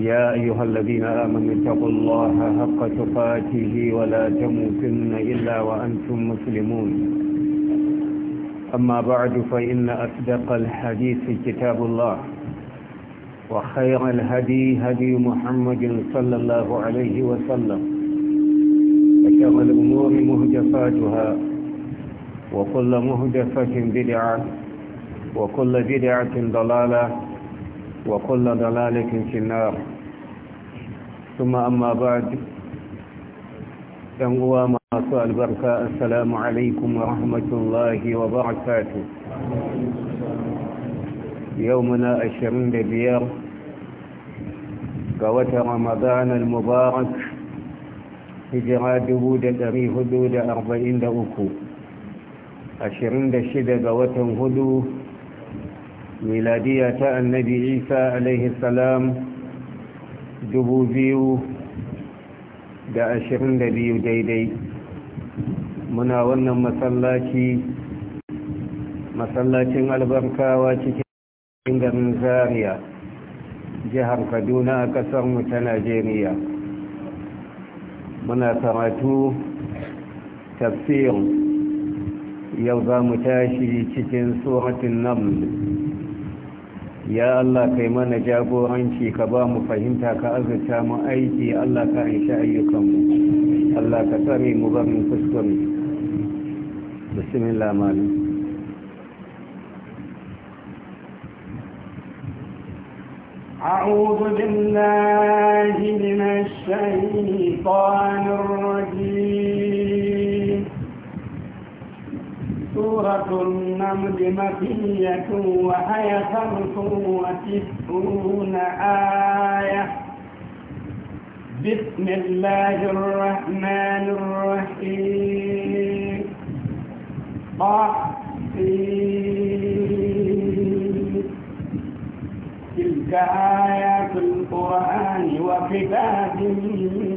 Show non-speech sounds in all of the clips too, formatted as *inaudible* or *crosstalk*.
يا أيها الذين آمنوا اتقوا الله حق تقاته ولا تموتن إلا وأنتم مسلمون أما بعد فإن أصدق الحديث كتاب الله وخير الهدي هدي محمد صلى الله عليه وسلم وشر الأمور مهدفاتها وكل مهدفة بدعة وكل بدعة ضلالة وكل ضلالة في النار ثم أما بعد ينقوى ماسو البركاء السلام عليكم ورحمة الله وبركاته يومنا الشرين لبيار قوة رمضان المبارك هجرة دبود الأري هدود أربعين دأكو أشرين دشد قوة هدود miladiya ta annabi isa alaihi salam dubu biyu da ashirin da biyu daidai muna wannan masallaci masallacin albarkawa cikin garin zaria jihar kaduna a ƙasarmu ta najeriya muna karatu tafsir yau za mu tashi cikin suratun naml ya Allah kai mana jagoranci ka ba mu fahimta ka azurta mu aiki Allah ka aisha ayyukanmu Allah ka tsari mu ba mu kuskure bismillah malam أعوذ بالله من الشيطان الرجيم سورة النمل مكية وآية القوة وتسعون آية بسم الله الرحمن الرحيم تلك آيات القرآن وكتاب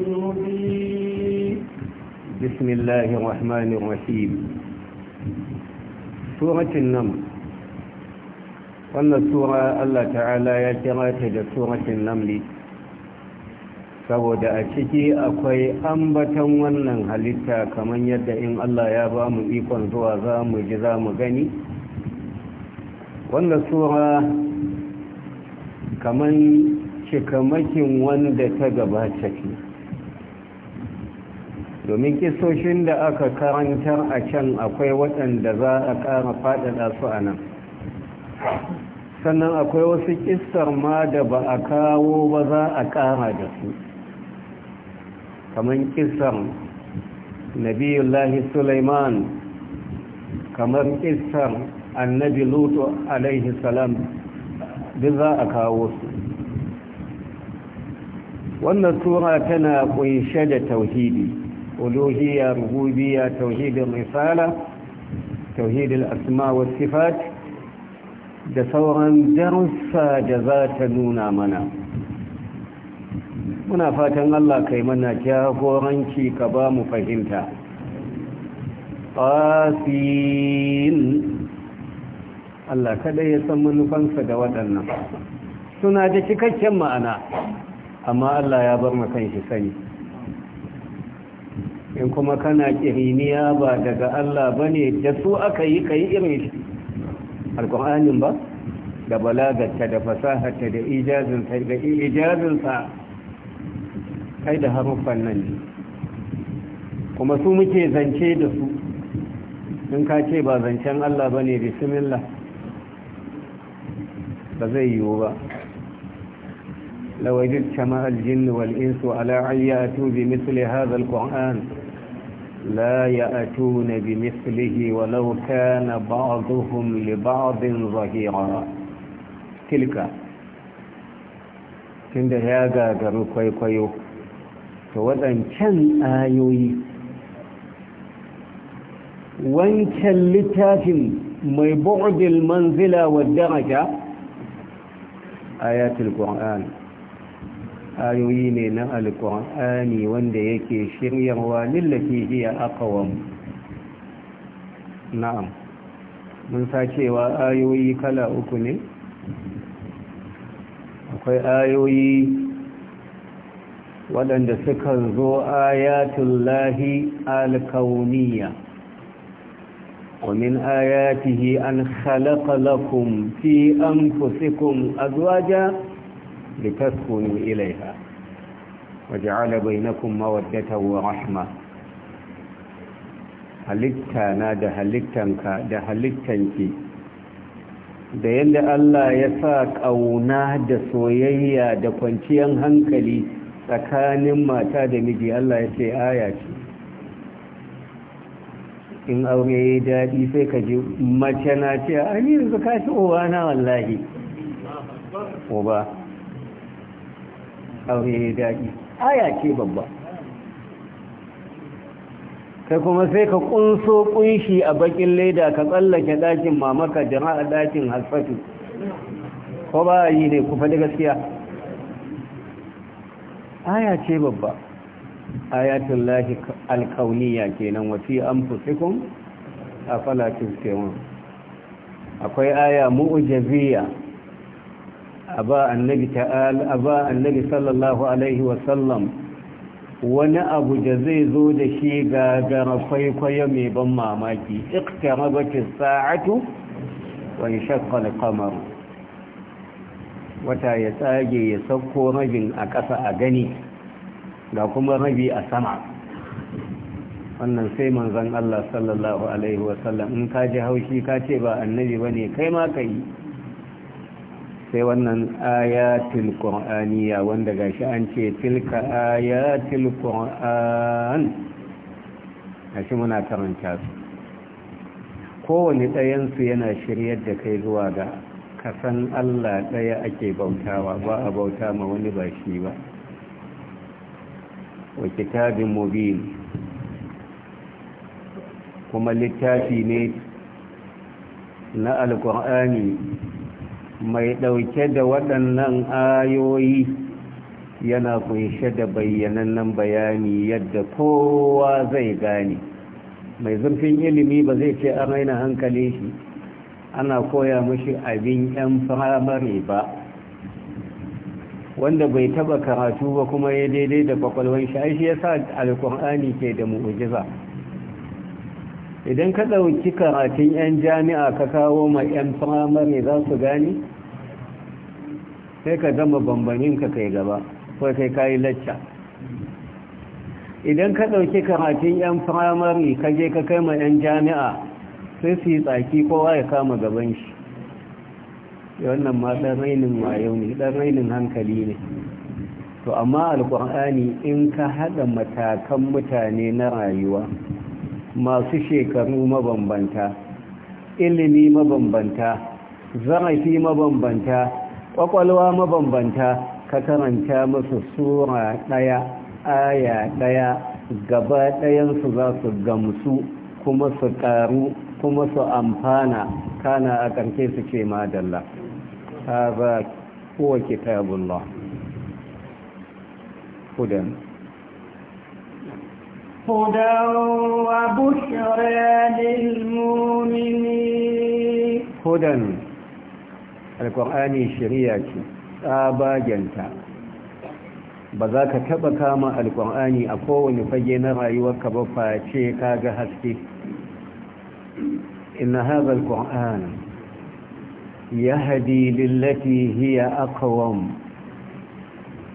مبين بسم الله الرحمن الرحيم suratun nan wannan sura Allah ta'ala ya kira ta da nam ne saboda a ciki akwai ambatan wannan halitta kamar yadda in Allah ya ba mu ikon zuwa za mu ji za mu gani wannan sura kamar cikamakin wanda ta gabata ce domin kisoshin da aka karantar a can akwai waɗanda za a ƙara faɗaɗa su a nan sannan akwai wasu kistar ma da ba a kawo ba za a ƙara da su kamar kistar nabiyullahi suleiman kamar kistar annabi lutu alaihi salam duk za a kawo su wannan tura tana ƙunshe da tauhidi uluhiyya rububiyya tauhidin risala tauhidin asma wa sifat da sauran darussa da za ta nuna mana muna fatan Allah kai mana jagoranci ka ba mu fahimta qasin Allah kada ya san manufansa da waɗannan suna da cikakken ma'ana amma Allah ya bar mu kan shi sani in kuma kana kiriniya ba daga Allah ba ne da su aka yi ka yi irin shi alƙur'anin ba da balagarta da fasaharta da ijazinsa da ijazinsa kai da haruffan nan ne kuma su muke zance da su in ka ce ba zancen Allah ba ne bismillah ba zai yiwu ba لوجدت مع الجن والإنس على أن يأتوا بمثل هذا القرآن لا يأتون بمثله ولو كان بعضهم لبعض ظهيرا تلك تند هذا قرر كوي كوي فوضا كان آيوي وان كان لتاف من بعد المنزلة والدرجة آيات القرآن ayoyi ne na alkur'ani wanda yake shiryarwa lillafi hiya aqwam na'am mun sa cewa ayoyi kala uku ne akwai ayoyi waɗanda suka zo ayatul lahi alkauniya ومن آياته أن خلق لكم في أنفسكم ja. لتسكنوا إليها وجعل بينكم مودة ورحمة halitta na da halittanka da halittanki da yadda Allah ya sa ƙauna da soyayya da kwanciyar hankali tsakanin mata da miji Allah ya ce aya ce in aure ya daɗi sai ka ji mace na ce a yanzu kashi. uwa na wallahi uba aure ya daɗi aya ce babba kai kuma sai ka kunso ƙunshi a bakin leda ka tsallake ɗakin mamaka jama'a ɗakin halfatu ko ba yi ne ku faɗi gaskiya aya ce babba ayatun lahi alkauniya kenan yi an fusikun a falatin akwai aya mu'ujaziya a ba annabi sallallahu alaihi wasallam wani abu da zai zo da shi gagara kwaikwayo mai ban mamaki iktarabatis sa'atu wa wani al kamar wata ya tsage ya sauko rabin a ƙasa a gani ga kuma rabi a sama wannan sai manzon Allah sallallahu alaihi wasallam in ka ji haushi ka ce ba annabi bane kai ma ka yi sai wannan ayatul qur'aniya wanda gashi an ce tilka ayatul qur'an gashi muna karanta su kowane ɗayan su yana shiryar da kai zuwa ga kasan Allah ɗaya ake bautawa ba a bauta ma wani ba shi ba wa kitabin mubin kuma littafi ne na alkur'ani mai ɗauke da waɗannan ayoyi yana kunshe da bayyanannan bayani yadda kowa zai gane mai zurfin ilimi ba zai ce an raina hankali shi ana koya mashi abin 'yan firamare ba wanda bai taba karatu ba kuma ya daidai da kwakwalwan shi ya sa alkur'ani ke da mu'ujiza idan ka ɗauki karatun 'yan jami'a ka kawo ma 'yan firamare za su gani sai ka gama bambanin ka kai gaba ko kai yi lacca idan ka ɗauki karatun 'yan firamare ka je ka kai ma 'yan jami'a sai su yi tsaki kowa ya kama gaban shi wannan ma ɗan rainin wayo ne ɗan rainin hankali ne to amma alƙur'ani in ka haɗa matakan mutane na rayuwa masu shekaru mabambanta ilimi mabambanta zarafi mabambanta kwakwalwa mabambanta ka karanta masu sura ɗaya aya ɗaya gaba ɗayansu za su gamsu kuma su ƙaru kuma su amfana kana a karke su ce madalla ta ba kowa kitabullah hudan هدى وبشرى للمؤمنين هدى القرآن شريعة tsabagenta ba za ka taba kama alkur'ani a kowane fage na rayuwarka ba face ka ga haske inna hadha alqur'an yahdi lillati hiya aqwam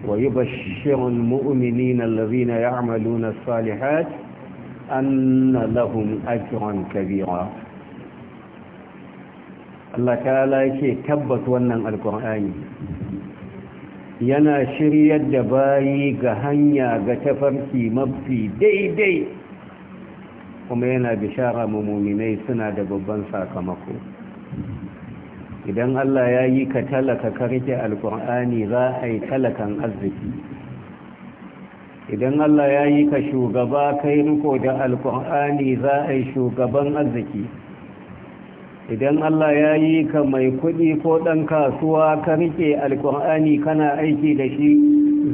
ويبشر lazina الذين يعملون الصالحات أن لهم أجرا Kabira? Allah ta'ala ke tabbas wannan alkur'ani yana shiryar da bayi ga hanya ga tafarki mafi daidai kuma yana bishara mummunai suna da babban sakamako idan Allah ya yi ka talaka karke alkur'ani za a yi talakan arziki idan Allah ya yi ka shugaba kai riko da alkur'ani za a yi shugaban arziki idan Allah ya yi ka mai kuɗi ko ɗan kasuwa ka alkur'ani kana aiki da shi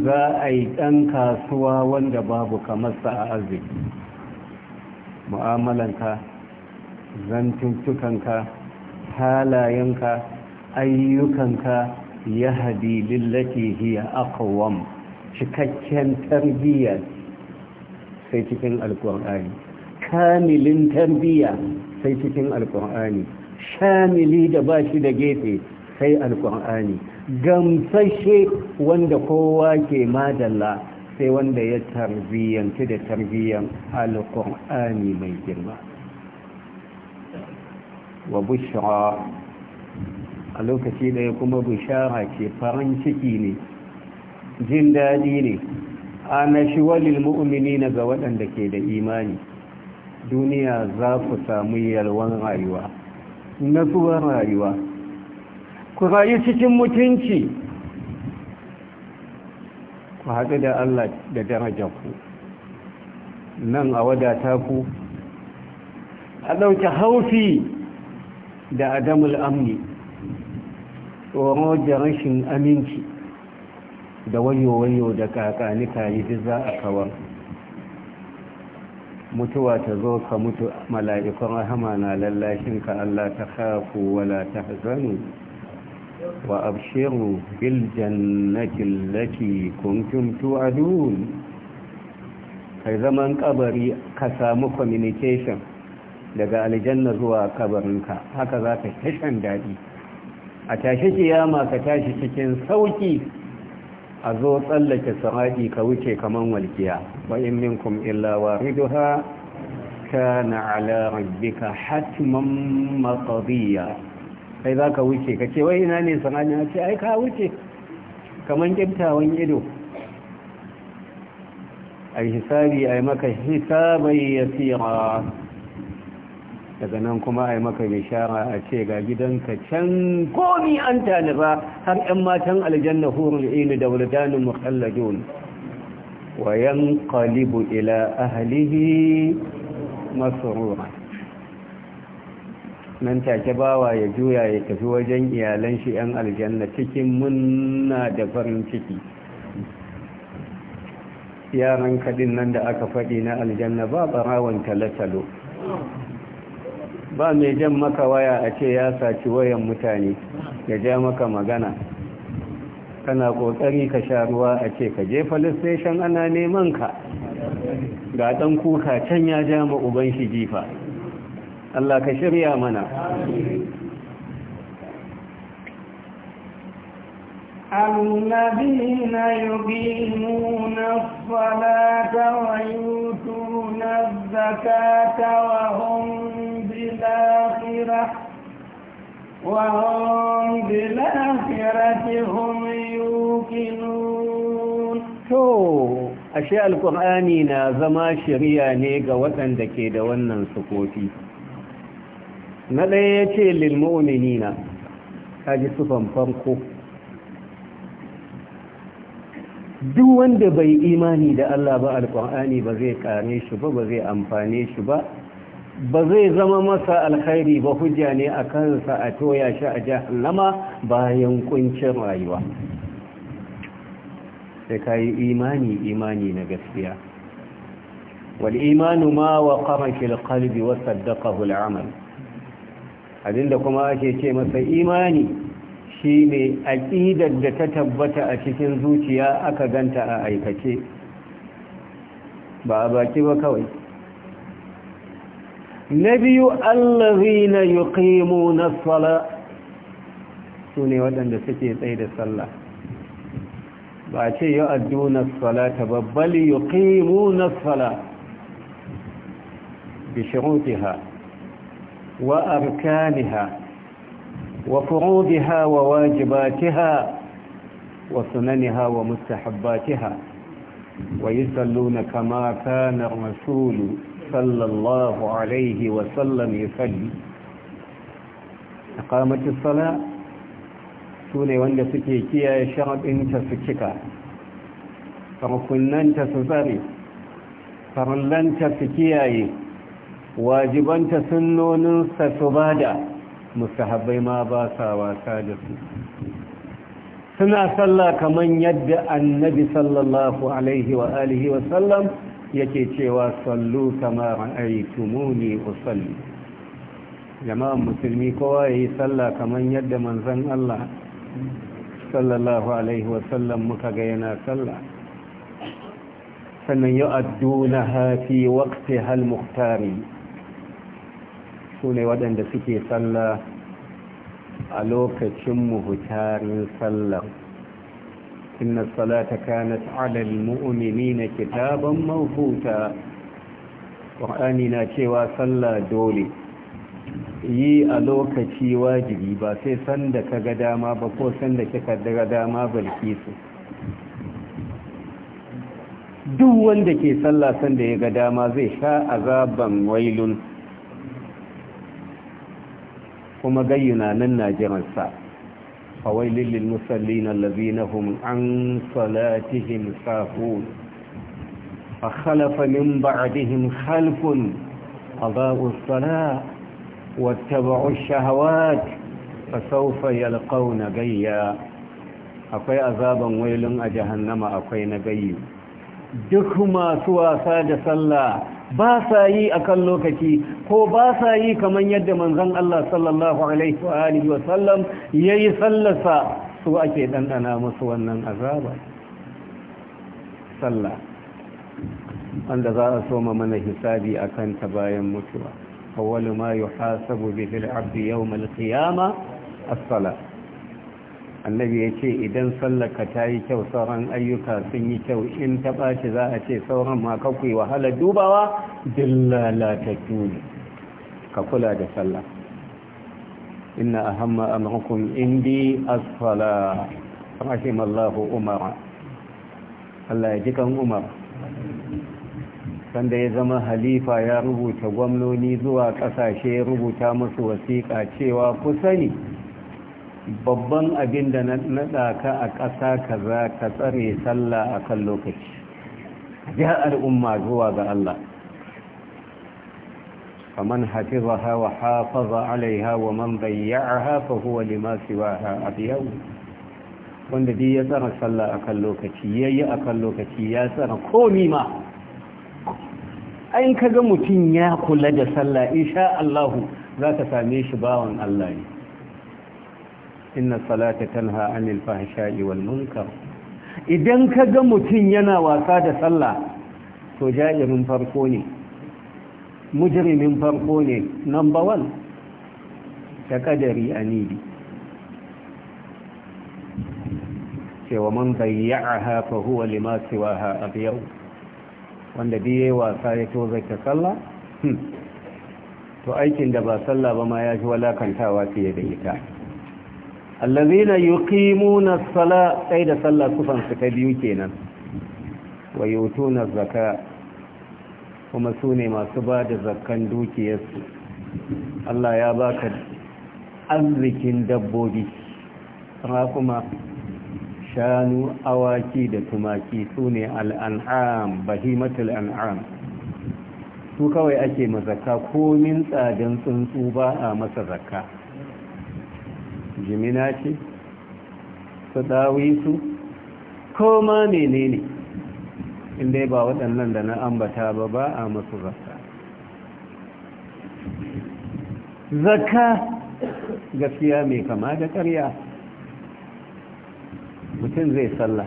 za a yi ɗan kasuwa wanda babu kamarsa a arziki mu'amalanka zantuntukanka halayenka ayyukanka ya hadi lillati hiya aqwam cikakken tarbiyya sai cikin alqur'ani kamilin tarbiyya sai cikin alqur'ani shamili da bashi da gefe sai alqur'ani gamsashe wanda kowa ke madalla sai wanda ya tarbiyyanci da tarbiyyan alqur'ani mai girma wa bushra a lokaci ɗaya kuma Bushara ke farin ciki ne jin daɗi ne shi walil mu'mini na ga waɗanda ke da imani duniya za ku samu yalwan rayuwa na natsuwar rayuwa ku rayu cikin mutunci ku haɗu da Allah da darajar ku nan a wadata ku a ɗauke haufi da adamul amni tsoro da rashin aminci da wayo-wayo da kakanika yi duk za a kawar mutuwa ta zo ka mutu mala'ikun rahama na lallashin ka Allah ta haku wala ta hazanu wa abshiru bil jannatin laki kuntum tu'adun kai zaman kabari ka samu communication daga aljanna zuwa kabarinka haka za ka tashan daɗi a tashi kiyama ka tashi cikin sauki a zo tsallake samadi ka wuce kaman walkiya wa in minkum illa wariduha kana ala rabbika hatman maqdiya kai za ka wuce ka ce wai ina ne a ce ai ka wuce kaman kibtawan ido ai hisabi ai maka hisabai yasira daga nan kuma a yi maka bishara a ce ga gidanka can komi an tanifa har 'yan matan aljanna hurul Inu da wuladanin mukhalladun wa yanqalibu ila ahlihi masrura nan take bawa ya juya ya tafi wajen iyalan shi 'yan aljanna cikin munna da farin ciki yaran kadin nan da aka faɗi na aljanna ba barawon talotalo ba mai jan maka waya a ce ya saci wayan mutane ya ja maka magana kana kokari ka sha ruwa a ce ka je falistation ana neman ka ga dan kuka can ya ja ma uban shi jifa Allah ka shirya mana الذين يقيمون الصلاة ويوتون الزكاة وهم بالآخرة هم يوقنون تو ashe alkur'ani na zama shari'a ne ga waɗanda ke da wannan sukofi na ɗaya ya ce lilmu'minina ta ji sufan farko duk wanda bai imani da Allah ba alkur'ani ba zai kare shi ba ba zai amfane shi ba ba zai zama masa alkhairi ba hujja ne a kansa a toya shi a jahannama bayan kuncin rayuwa sai ka yi imani imani na gaskiya wal imanu ma wa qama fil qalbi wa saddaqahu al abinda kuma ake ce masa imani shine aqidar da ta tabbata a cikin zuciya aka ganta a aikace ba a baki ba kawai نبي الذين يقيمون الصلاة سوني ودن دا سكي تايد الصلاة باچه يؤدون الصلاة بل يقيمون الصلاة بشروطها وأركانها وفروضها وواجباتها وسننها ومستحباتها ويصلون كما كان الرسول صلى الله عليه وسلم يصلي اقامه الصلاه sune wanda suke kiyaye sharaɗinta su cika farkunanta su tsare farallanta su kiyaye wajibanta sunoninsa su bada da ma ba sa da su suna tsalla kamar yadda annabi sallallahu alaihi wa alihi yake cewa sallu kama ra'aytumuni usalli jama'an musulmi kowa yayi sallah kaman yadda manzon Allah sallallahu alaihi wa sallam muka ga yana sallah sannan yu'addunaha fi waqtiha al-muhtari sune waɗanda suke sallah a lokacin muhtarin sallar. إن الصلاة كانت على المؤمنين كتابا موفوتا وآمنا cewa sallah dole yi a lokaci wajibi ba sai sanda ka ga dama ba ko sanda kika daga dama balki su duk wanda ke sallah sanda ya ga dama zai sha azaban wailun kuma gayyuna nan na jiransa فويل للمصلين الذين هم عن صلاتهم ساهون فخلف من بعدهم خلف أضاءوا الصلاة واتبعوا الشهوات فسوف يلقون غيا akwai azaban wailun a jahannama akwai na gayi duk masu wasa da sallah ba sa yi akan lokaci ko ba sa yi kamar yadda manzon Allah sallallahu alaihi wa alihi wa sallam yayi sallarsa su ake dandana musu wannan azaba sallah wanda za a soma mana hisabi akan ta bayan mutuwa awwalu ma yuhasabu hasabu al-'abdu yawm al annabi ya ce idan sallaka ta yi kyau sauran ayyuka sun yi kyau in ta ɓaci za a ce sauran ma kakwai wahala dubawa dillalatatu ne ka kula da sallah inna a hamma amurkun indi asfala rahimallahu umara Allah ya ji kan umar sanda ya zama halifa ya rubuta gwamnoni zuwa ƙasashe rubuta masu wasiƙa cewa ku sani babban abin da na naɗa ka a ƙasa kaza ka tsare sallah a kan lokaci ya al'umma zuwa ga Allah faman hafizaha wa hafaza alaiha wa man bayya'aha fa huwa lima siwaha abiyau wanda dai ya tsara sallah a kan lokaci yayi a kan lokaci ya tsara komi ma ayin kaga mutum ya kula da sallah insha Allah za ka same shi bawan Allah ne inna salata tanha anil fahsha'i wal munkar idan kaga mutun yana wasa da sallah to ja'irin farko ne mujrimin farko ne number 1 ta kadari anidi cewa man bayya'aha fa huwa lima siwaha abyau wanda biye wasa ya ta sallah hmm, to aikin da ba sallah ba ma ya ji walakantawa fiye da ita allazina yuqimuna as-sala sai da sallah sufan su ta biyu kenan wa yutuna zakka kuma su ne masu ba da zakkan dukiyarsu Allah ya baka arzikin dabbobi kuma shanu awaki da tumaki su ne al'an'am bahimatul an'am su kawai ake mazaka komin tsadin tsuntsu ba a masa zakka jimina ce su ko ma menene inda ba waɗannan da na ambata ba ba a masu zaka zaka gaskiya mai kama da ƙarya mutum zai sallah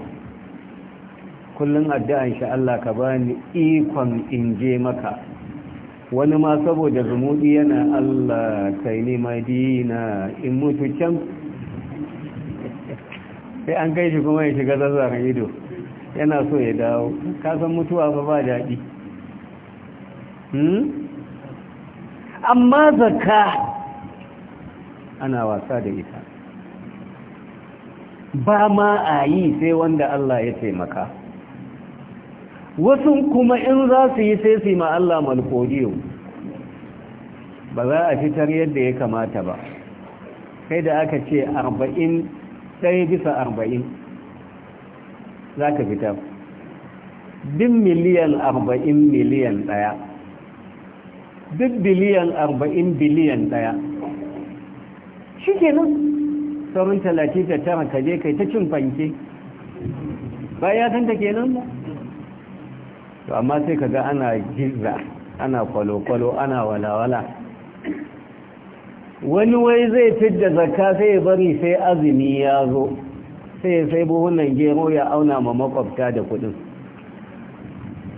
kullum addu'an shi Allah ka bani ikon inje maka wani ma saboda zumuɗi yana Allah kai ne madina in mutu can sai an kai kuma ya shiga zazzaren ido yana so ya dawo kasan mutuwa ba ba daɗi hmm? amma zaka ana wasa da ita ba ma a yi sai wanda Allah ya taimaka wasu kuma in za su yi sai su yi ma'alla malkodiyo ba za a fitar yadda ya kamata ba kai da aka ce arba'in ɗaya bisa arba'in za ka fitar bin miliyan arba'in miliyan ɗaya duk biliyan arba'in biliyan ɗaya shi ke nan saurin talatin da tara kaje kai ta cin fanke bayan ya san ta ke nan ba to amma sai kaga ana gizza ana kwalo-kwalo ana walawala wani wai zai fidda zakka sai ya bari sai azumi ya zo sai sai buhunan gero ya auna ma makwabta da kudin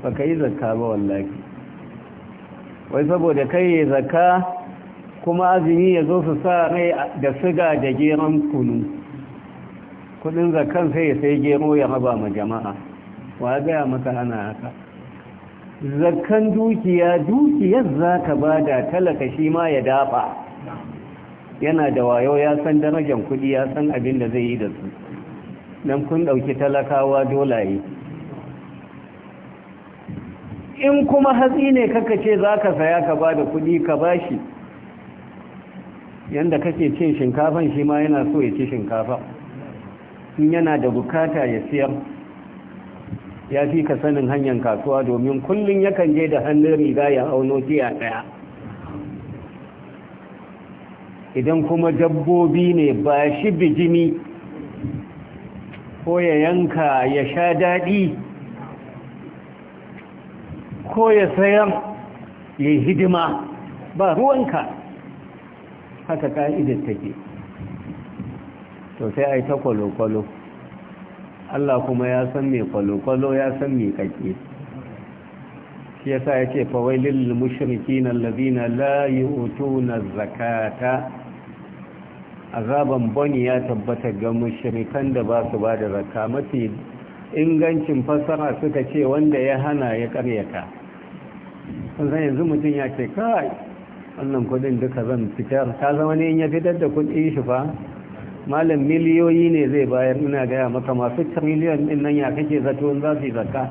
ba ka yi zakka ba wallahi wai saboda kai ya zakka kuma azumi ya zo su sa rai da siga da geron kunu kudin zakkan sai ya sai gero ya raba ma jama'a wa gaya maka ana haka zakkan dukiya dukiyar za ka ba da talaka shi ma ya dafa yana da wayo ya san darajar kudi ya san abin da zai yi da su don kun ɗauki talakawa dolaye in kuma hatsi ne kaka ce za ka saya ka ba da kudi ka bashi? shi yadda kake cin shinkafan shi ma yana so ya ci shinkafa in yana da bukata ya siyar ya fi ka sanin hanyar kasuwa domin kullum yakan je da hannun riga ya auno tiya ɗaya idan kuma dabbobi ne ba shi bijimi ko ya yanka ya sha daɗi ko ya sayar ya hidima ba ruwanka haka ƙa'idar take to sai a yi ta kwalo-kwalo Allah kuma ya san mai kwalo-kwalo ya san mai kake shi yasa ya ce fawailil mushrikin allazina la yu'tuna zakata azaban bani ya tabbata ga mushirikan da ba su ba da zakka mafi ingancin fassara suka ce wanda ya hana ya karyata sun zai yanzu mutum ya ce kai wannan kudin duka zan fitar ta zama ne in ya fitar da kudin shi fa malam miliyoyi ne zai bayar ina gaya maka masu miliyan din nan ya kake zato za su yi zakka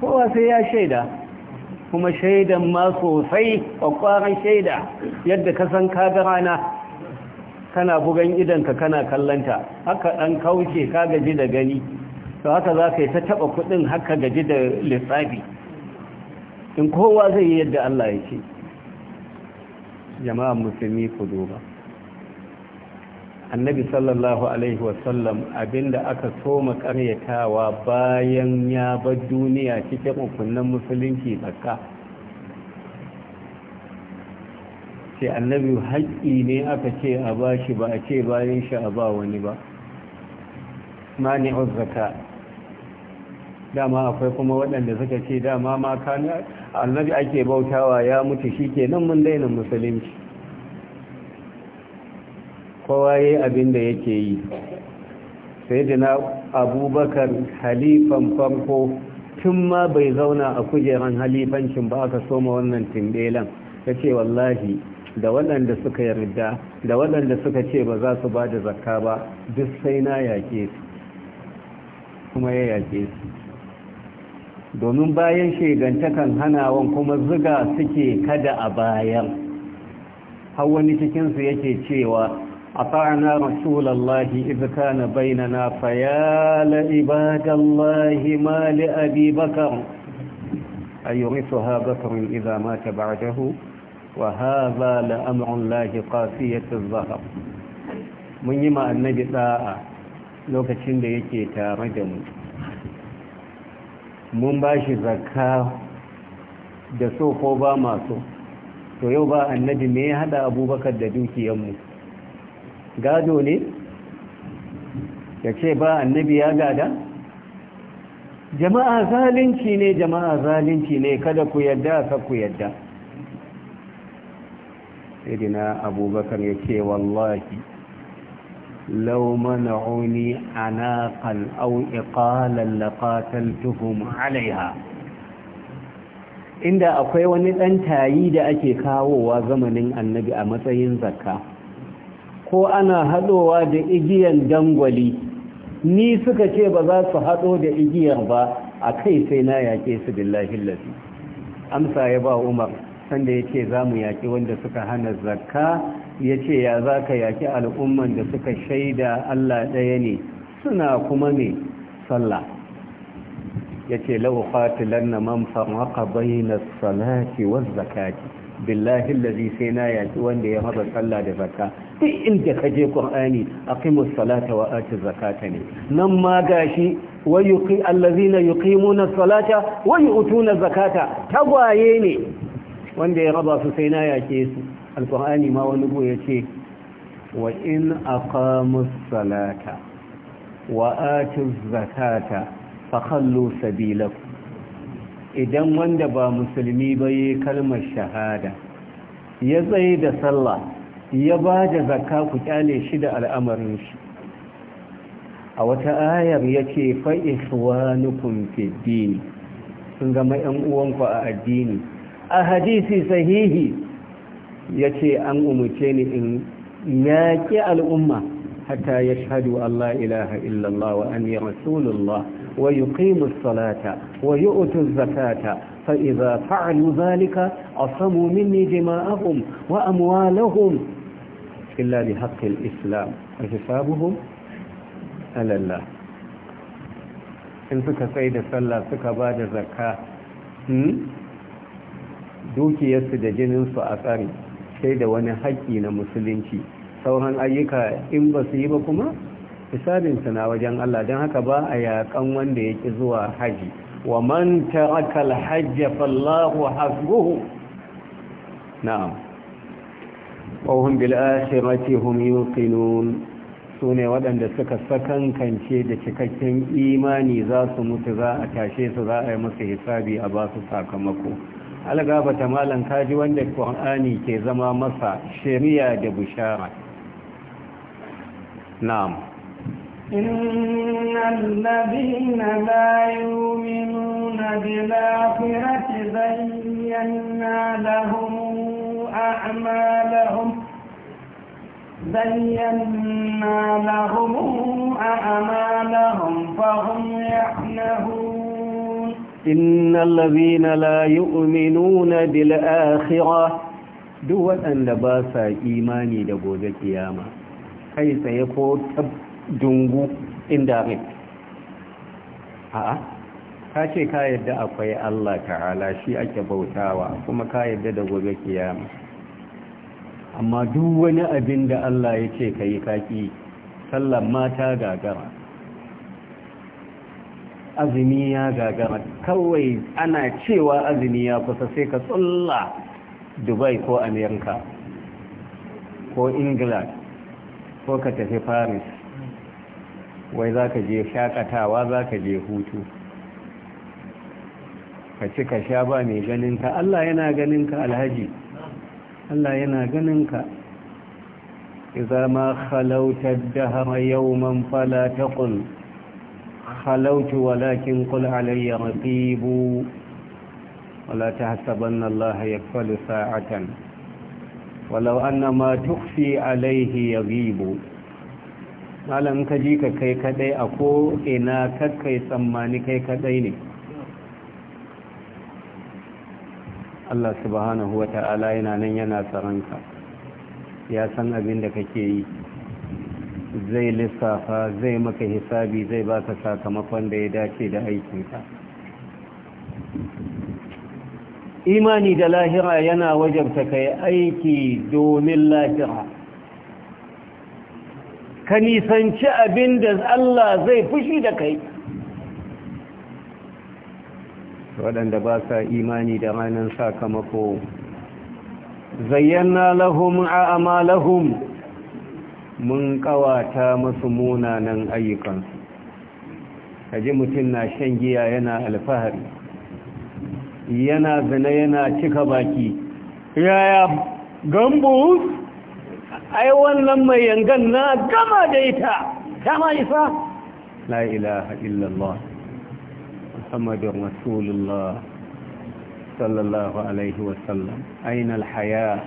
kowa sai ya shaida kuma shaidan ma sosai kwakwaran shaida yadda ka san kaga rana kana bugan ka kana kallanta haka ɗan kauce ka gaji da gani to haka za ka yi ta taba kuɗin haka gaji da lissafi in kowa zai yi yadda Allah ya ce jama'an musulmi ku duba annabi sallallahu alaihi wasallam abinda aka soma karyatawa bayan ya bar duniya cikin hukunan musulunci tsaka sai annabi haƙƙi ne aka ce a ba shi ba a ce bayan shi a ba wani ba mani uzzaka dama akwai kuma waɗanda suka ce dama ma kanu annabi ake bautawa ya mutu shi kenan mun daina musulunci kowa ya yi abin da yake yi sai na abubakar halifan farko tun ma bai zauna a kujeran halifancin ba aka soma wannan tindelan ta ce wallahi da waɗanda suka yarda da waɗanda suka ce ba za su ba da zakka ba duk sai na yaƙe su kuma ya yaƙe su domin bayan shegantakan hanawan kuma zuga suke kada a bayan har wani cikinsu yake cewa أطعنا رسول الله إذ كان بيننا فيا لعباد الله ما لأبي بكر أيرثها بكر إذا مات بعده وهذا لأمر الله قاسية الظهر من يما النبي ساعة لو كتشن ليكي تارجم من باش زكاة da so ko ba masu to yau ba annabi me ya hada abubakar da dukiyarmu gado ne ya ce ba annabi ya gada jama'a zalunci ne jama'a zalunci ne kada ku yadda ka ku yadda sayyidina abubakar ya ce wallahi law mana'uni anaqan aw iqalan laqataltuhum 'alayha inda akwai wani ɗan tayi da ake kawowa zamanin annabi a matsayin zakka ko ana haɗowa da igiyan dangwali ni suka ce ba za su haɗo da igiyar ba a kai sai na yaƙe su billahi lafi amsa ya ba umar sanda ya ce za mu yaƙi wanda suka hana zakka ya ce ya za ka yaƙi al'umman da suka shaida allah ɗaya ne suna kuma ne sallah ya ce fatilar na man farmaka bai na salati wa zakati billahi allazi sai na yaki wanda ya haɓa sallah da zaka duk inda ka je Kur'ani aqimus salata wa atiz zakata ne nan ma gashi wayuqi allazina yuqimuna salata wa yu'tuna zakata tagwaye ne wanda ya raba su sai na yake su alqur'ani ma wani ya yace wa in aqamus salata wa atiz zakata kallo Sabila. idan wanda ba musulmi ba yi kalmar shahada ya tsaye da sallah ya ba da zakka ku kyale shi da al'amarin shi a wata ayar ya ce fa'ihuwanukun fiddini sun gama ‘yan uwanku a addini a hadisi sahihi ya ce an umarce ni in yaƙi al'umma Hata ya shahadu Allah ilaha illallah wa an yi rasulullah ويقيم الصلاة ويؤتوا الزكاة فإذا فعلوا ذلك أصموا مني دماءهم وأموالهم إلا بحق الإسلام وحسابهم ألا الله إن سكا سيد صلى سكا بعد زكاة دوكي يسد جننس أثاري سيد da wani sauran ayyuka in ba su yi ba kuma hisabinsa na wajen Allah don haka ba a yakan wanda ya ƙi zuwa haji wa man aka alhajja fallahu hasbuhu na'am Ohun hum hum yuqinun sune waɗanda suka sakankance da cikakken imani za su mutu za a tashe su za a yi musu hisabi a ba su sakamako algaba ta malan kaji wanda qur'ani ke zama masa shari'a da bishara na'am إن الذين لا يؤمنون بالآخرة زينا لهم أعمالهم زينا لهم أعمالهم فهم يعلمون إن الذين لا يؤمنون بالآخرة دول أن لباس إيماني دبوذ القيامة حيث يقول dungu inda indirect a'a ka ce ka yadda akwai Allah ta'ala shi ake bautawa kuma ka yadda da gobe kiyama amma duk wani abin da Allah ya ce ka yi kaki sallan mata gagara azumi ya gagara kawai ana cewa azumi ya kusa sai ka tsulla dubai ko amerika ko england ko ka tafi paris wai za ka je shakatawa za ka je hutu ka ci ka sha ba mai ganinka Allah yana ganinka alhaji Allah yana ganinka iza ma khalautar dahama yawman fala taqul khalautu walakin qul alayya raqibu wala tahsabanna Allah yakfalu sa'atan walau anna ma tukhfi alayhi yaghibu malam ka ji ka kai kadai a ko ina tsammani kai kadai ne Allah subhanahu wa ta'ala yana nan yana tsaranka. ya san abin da kake yi zai lissafa zai maka hisabi zai baka sakamakon da ya dace da aikinka imani da lahira yana wajabta kai aiki domin lahira ka nisanci abin da Allah zai fushi da kai waɗanda ba sa imani da ranar sakamako zayyana lahum a'amalahum mun kawata masu munanan ayyukansu kaji mutum na shan giya yana alfahari yana zina yana cika baki yaya gambus ai wannan mai yangan na gama da ita ta ma isa la ilaha illallah muhammadur rasulullah sallallahu alaihi wa wasallam aina alhaya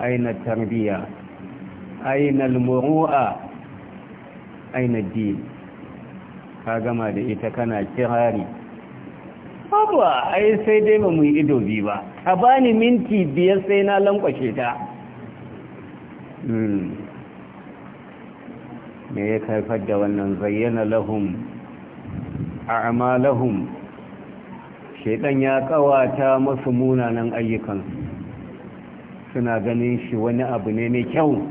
aina tarbiya aina almuru'a aina din ka gama da ita kana kirari Haba, ai sai dai ba mu yi ido biyu ba, a bani minti biyar sai na lankwashe ta. Hmm. me ya kaifar da wannan zayyana lahum a'malahum shaidan ya kawata masu munanan ayyukansu suna ganin shi wani abu ne mai kyau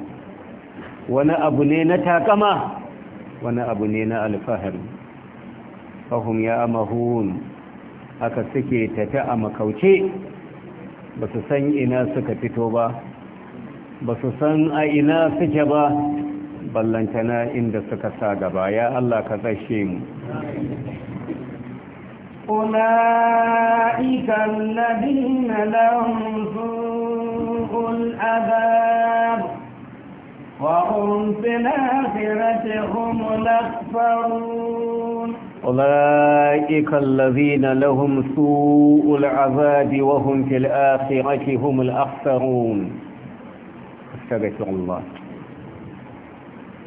wani abu ne na takama wani abu ne na alfahar. fahim ya amahun aka suke tata a makauce ba su san ina suka fito ba ba su san a ina suke ba ballantana inda suka sa gaba ya Allah ka tsashe mu أولئك الذين لهم سوء العذاب وهم في الآخرة هم الأخفرون أولئك الذين لهم سوء العذاب وهم في الآخرة هم الأخسرون واستغفر الله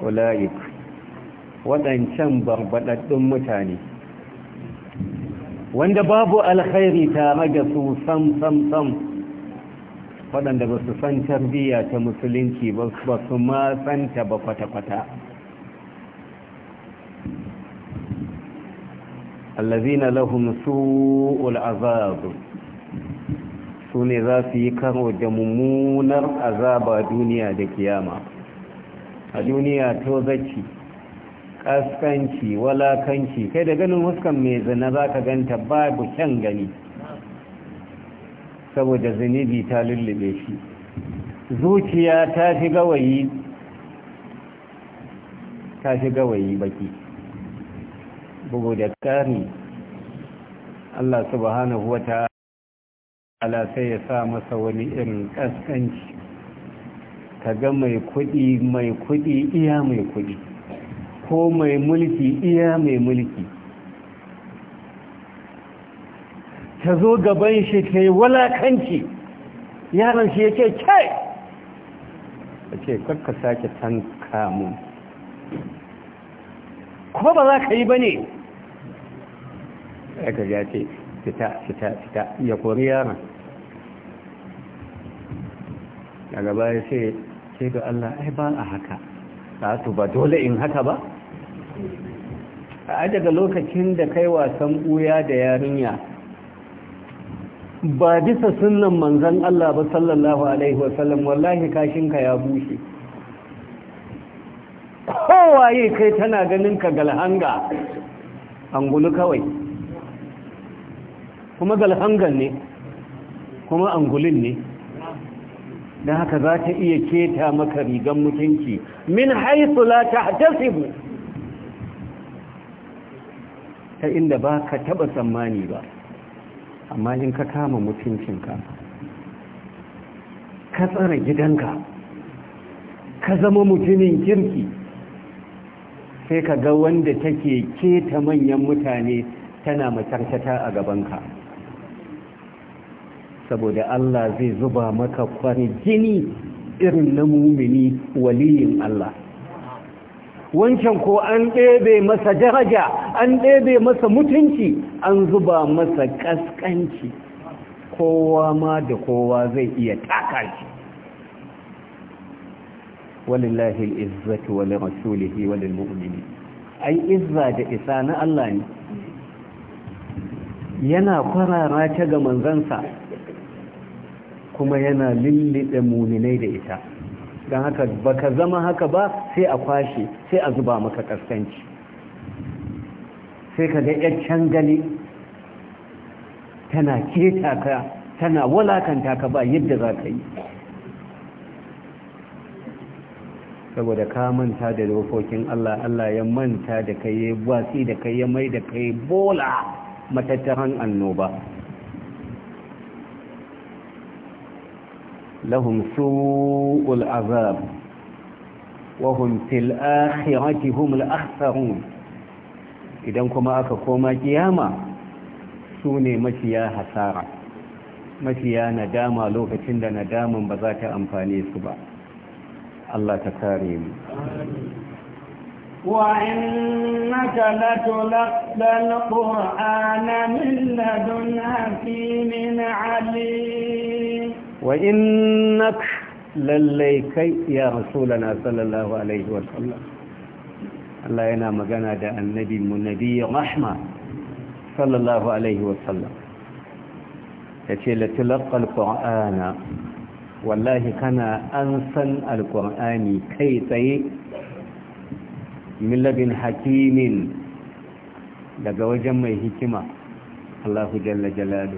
أولئك waɗancan barbaɗaɗɗun mutane wanda babu alkhairi tare da su sam sam sam waɗanda ba su san tarbiyya ta musulunci ba su ma santa ba kwata-kwata allazina lahum su'ul azab su ne za su yi karo da mummunar azaba duniya da kiyama a duniya to zaci kaskanci walakanci kai da ganin huskan mai zina za ka ganta babu kyan gani saboda zunubi ta lullube shi zuciya ta fi gawayi ta fi gawayi baki bugu da ƙari Allah subhanahu wa ta'ala ala sai ya sa masa wani irin kaskanci ga mai kudi mai kudi iya mai kudi ko mai mulki iya mai mulki ta zo gaban shi ta yi walakanci yaran shi ya ce kai A ce kakka sake tanka kamun ko ba za ka yi ba ne ya ce fita fita fita ya kori yaran daga baya sai sai ga Allah ai ba a haka ta ba dole in haka ba a daga lokacin da kai wasan buya da yarinya ba bisa sunnan manzon Allah ba sallallahu alaihi wasallam wallahi ka ya bushe kowaye kai tana ganin ka galhanga angulu kawai kuma galhangan ne kuma angulin ne don haka za ta iya keta maka rigan mutunci min haisu la tahtasibu ta inda ba ka taba tsammani ba amma in ka kama mutuncinka ka tsara gidanka ka zama mutumin kirki sai ka ga wanda take keta manyan mutane tana matarkata a gabanka saboda Allah zai zuba maka jini irin na mumini waliyin Allah wancan ko an ɗebe masa daraja an ɗebe masa mutunci an zuba masa ƙasƙanci kowa ma da kowa zai iya takaci walillahi izzatu wa rasulihi wa lilmu'minin ai izza da isa na Allah ne yana kwarara ta ga manzansa kuma yana lullube muminai da ita don haka baka zama haka ba sai a kwashe sai a zuba maka kaskanci sai ka ga yaccen gani tana keta ka tana walakanta ka ba yadda za ka yi saboda ka manta da dokokin Allah Allah ya manta da kai ya wasi da kai ya mai da kai bola matattaran annoba لهم سوء العذاب وهم في الآخرة هم الأخسرون إذن كما أكاكوما قياما سوني مشيا حسارة مشيا نداما لوفتند نداما بذات أنفاني سبا الله تكاريم وإنك لتلقى القرآن من لدن حكيم عليم wa innak lallai kai ya rasulana sallallahu alaihi wa sallam Allah yana magana da annabi mu nabi rahma sallallahu alaihi wa sallam yace la tilqa alqur'ana wallahi kana an san alqur'ani kai tsaye min labin hakimin daga wajen mai hikima Allahu jalla jalalu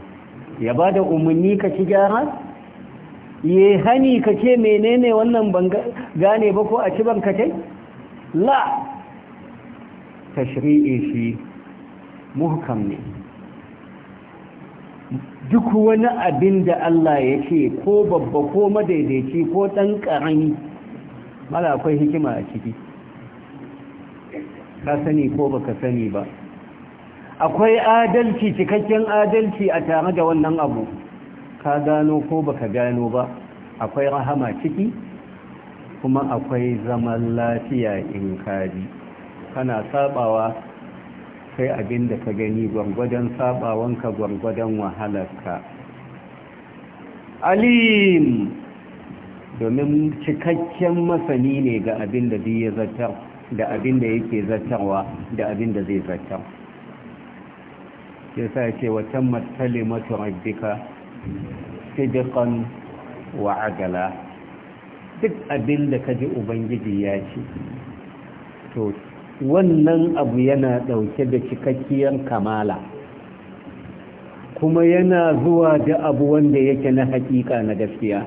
ya bada umarni ka ci gyara ye hani ka ce menene wannan ban gane ba ko a ci ban kai la tashri'i shi muhkam ne duk wani abin da Allah ya ce ko babba ko madaidaici ko ɗan ƙarami mala akwai hikima a ciki ka sani ko baka sani ba akwai adalci cikakken adalci a tare da wannan abu ka gano ko baka gano ba akwai rahama ciki kuma akwai zaman lafiya in kari kana sabawa sai abin da ka gani gwargwadon sabawanka gwargwadon wahalarka alim domin cikakken masani ne ga abin da ya zartar da abin da yake zartarwa da abin da zai zartar ya sa ce wata matsalimatu rabbika Sidiqan wa agala duk abin da ji ubangiji ya ce to wannan abu yana ɗauke da cikakkiyar kamala kuma yana zuwa da abu wanda yake na haƙiƙa na gaskiya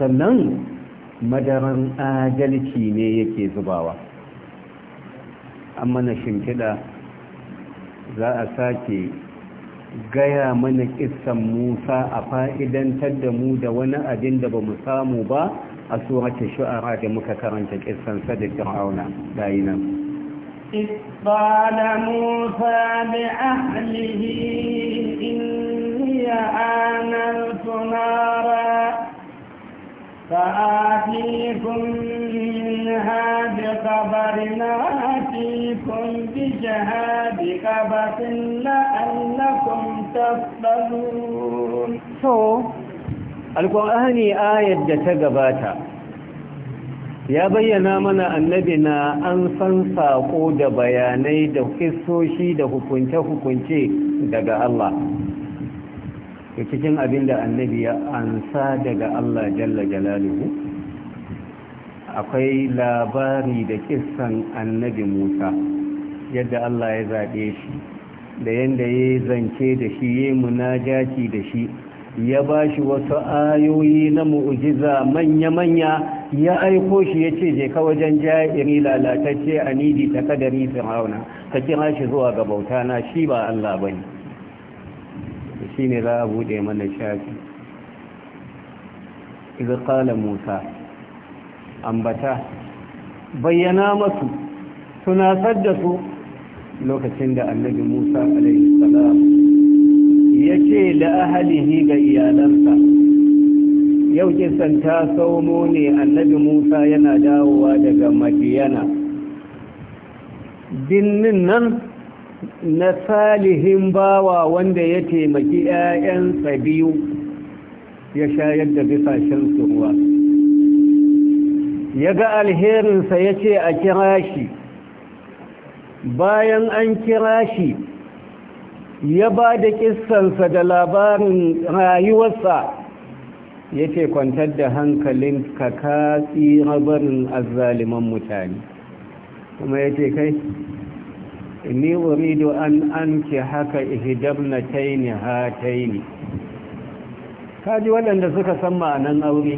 sannan madaran adalci ne yake zubawa amma mana shimfiɗa za a sake gaya mana kissan musa a fa'idantar da mu da wani abin da ba mu samu ba a suratul shu'ara da muka karanta kissan sa da fir'auna gayi nan قال موسى بأهله ya آمنت sunara. فآتيكم منها بخبر آتيكم بشهاد قبس لعلكم تصطلون so القرآن ayar da ta gabata ya bayyana mana annabi na an san saƙo da bayanai da kisoshi da hukunce-hukunce daga Allah da cikin abin da annabi ya ansa daga Allah jalla jalaluhu akwai labari da kissan annabi Musa yadda Allah ya zaɓe shi da yadda ya zance da shi ya munajaci da shi ya ba shi wasu ayoyi na mu'ujiza manya-manya ya aiko shi ya ce je ka wajen ja'iri lalatacce a nidi ta kadari fir'auna ka kira shi zuwa ga bauta na shi ba Allah bane shine za a bude mana shafi idan ƙala musa ambata bayyana masu tunasar da su lokacin da annabi musa alaihi ya ce da ahalihi ga iyalansa yau kisanta ta saumo ne annabi musa yana dawowa daga madiyana dinnin nan na salihin bawa wanda ya taimaki 'ya'yansa biyu ya shayar da bisashen ruwa ya ga alherinsa ya ce a kira shi bayan an kira shi ya ba da ƙissansa da labarin rayuwarsa ya ce kwantar da hankalin kakatsi rabarin azzaliman mutane kuma ya ce kai ni uridu an anki haka ihdabnatayn hatayn kaji waɗanda suka san ma'anan aure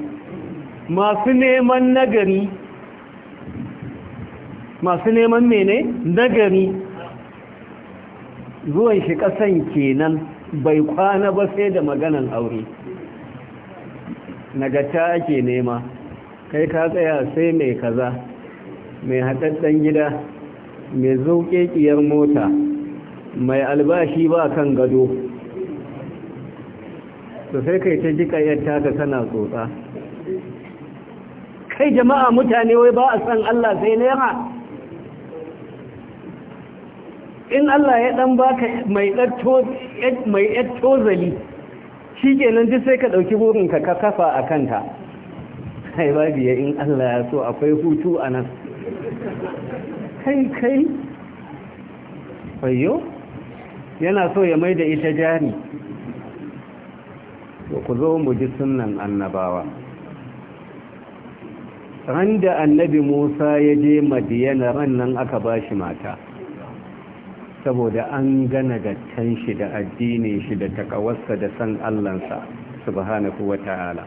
masu neman nagari masu neman mene nagari zuwan shi ƙasan kenan bai kwana ba sai da maganan aure nagarta ake nema kai ka tsaya sai mai kaza mai haɗaɗɗen gida mai zauƙeƙiyar mota mai albashi ba kan gado to sai kai ta jika yadda ka sana tsotsa kai jama'a mutane wai ba a san Allah sai naira in Allah ya dan baka mai ɗatto mai ɗatto zali shikenan duk sai ka ɗauki burin ka kafa a kanta sai babu in Allah ya so akwai hutu a nan kai kai Ayyo. yana so ya mai da ita jari ku zo mu ji sunan annabawa ran da annabi musa ya je madiyana ran nan aka ba shi mata saboda an gana da shi da addinin shi da takawarsa da san allansa subhanahu wa ta'ala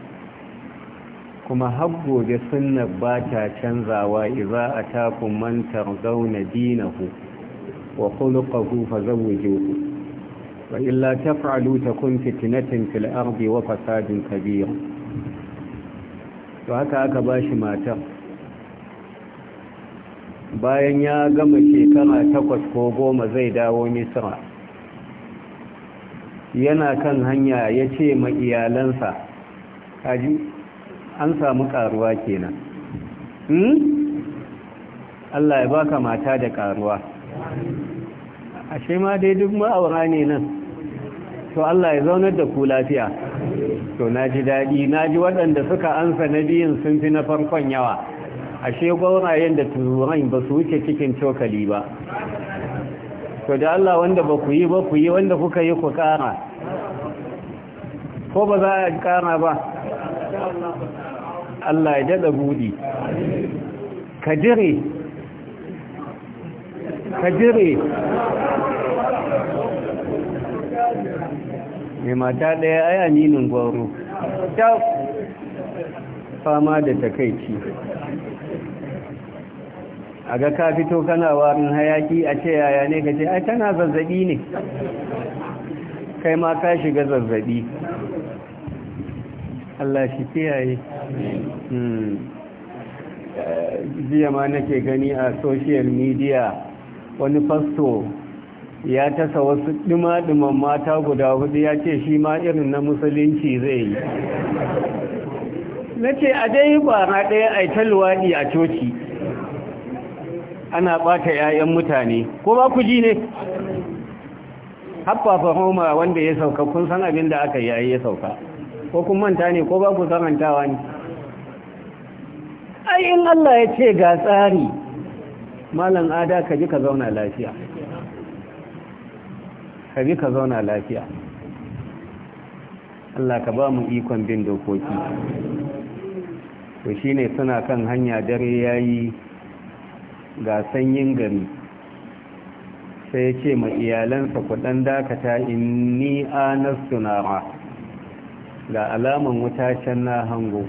kuma har da sunnar ba ta canzawa idza mantar man dina dinahu wa khuluquhu fazawwijuhu wa illa taf'alu takun fitnatun fil ardi wa fasadin kabir to haka aka bashi matar bayan ya gama shekara takwas ko goma zai dawo misra yana kan hanya ya ce ma iyalansa an samu karuwa kenan hmm Allah ya baka mata da karuwa ashe ma dai duk ma'aura ne nan to Allah ya zaunar da ku lafiya to na daɗi, dadi ji waɗanda suka ansa na biyun sun fi na farkon yawa ashe gwaurayen da tuzuran ba su wuce cikin cokali ba to da Allah wanda ba ku yi ba ku yi wanda kuka yi ku kara ko ba za a kara ba Allah ya daɗa buɗi ka jire ka jire mai mata ɗaya ai aminin gwaro ta fama da takaici a ga ka fito kana warin hayaki a ce yaya ne ka ce ai tana zazzabi ne kai ma ka shiga zazzabi Allah shi kiyaye Hmm. Eh, jiya ma nake gani a social media wani fasto ya tasa wasu dima-diman mata guda hudu ya ce shi ma irin na musulunci zai yi na ce a dai bara ɗaya a ta luwaɗi a coci ana ɓata 'ya'yan mutane ko ba ku ji ne haffafa homa wanda ya sauka kun san abin da aka yi ya sauka ko kun manta ne ko ba ku zarantawa ne ai in Allah ya ce ga tsari malam ada ka ji ka zauna lafiya ka ji ka zauna lafiya Allah ka ba mu ikon bin dokoki to shine suna kan hanya dare yayi ga sanyin gari sai ya ce ma iyalansa kuɗan dakata inni Anas sunara ga alaman wuta can na hango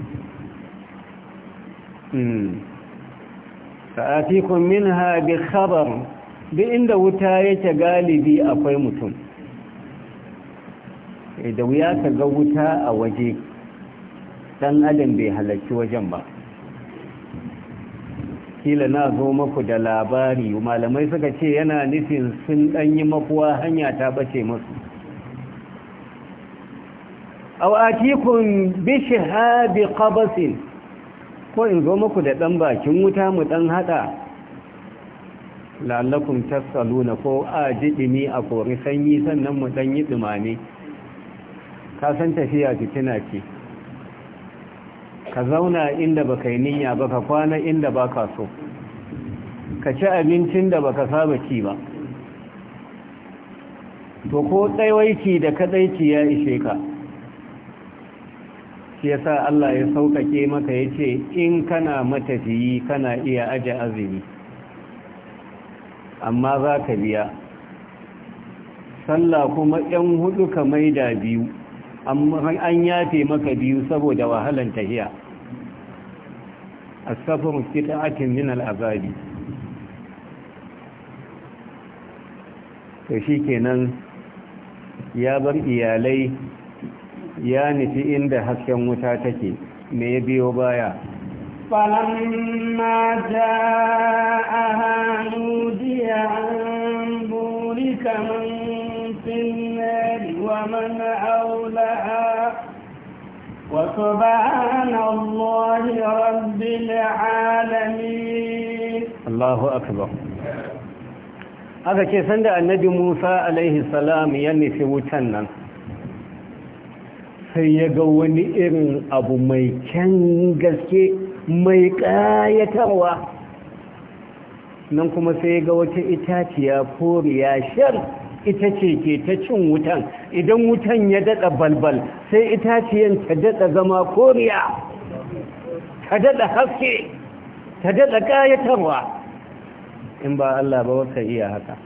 Hmm. fa'atikun minha bi khabar duk inda wuta yake galibi akwai mutum eh, da wuya ka ga wuta a waje dan adam bai halarci wajen ba kila na zo maku da labari malamai suka ce yana nufin sun ɗanyi makuwa hanya ta bace masu aw atikum bi shihabi qabasin ko in zo muku da ɗan bakin wuta mu ɗan haɗa la'allakun tasaluna ko a ji ɗimi a kori sanyi sannan mu ɗan yi ɗumame ka san tafiya fitina ce ka zauna inda baka yi niyya ba ka kwana inda ba so ka ci abincin da baka saba ci ba to ko tsaiwaiki da kaɗaici ya ishe ka shi yasa Allah ya sauƙaƙe maka ya ce in kana matafiyi kana iya aje azumi amma za ka biya sallah kuma ɗan hudu ka maida biyu an yafe maka biyu saboda wahalan tahiya asafin fita'atin min al'azabi ta shi kenan ya bar iyalai ya nufi inda hasken wuta take me ya biyo baya فلما جاءها نودي عن وسبحان الله رب العالمين الله أكبر هذا كيف sanda annabi Musa عليه السلام ya nufi wutan nan sai ya ga wani irin abu mai kyan gaske mai ƙayatarwa nan kuma sai ya ga wata itaciya koriya shar ita ce ke ta cin wutan idan wutan ya daɗa balbal sai itaciyan ta daɗa zama koriya ta daɗa haske ta daɗa ƙayatarwa in ba Allah ba wata iya haka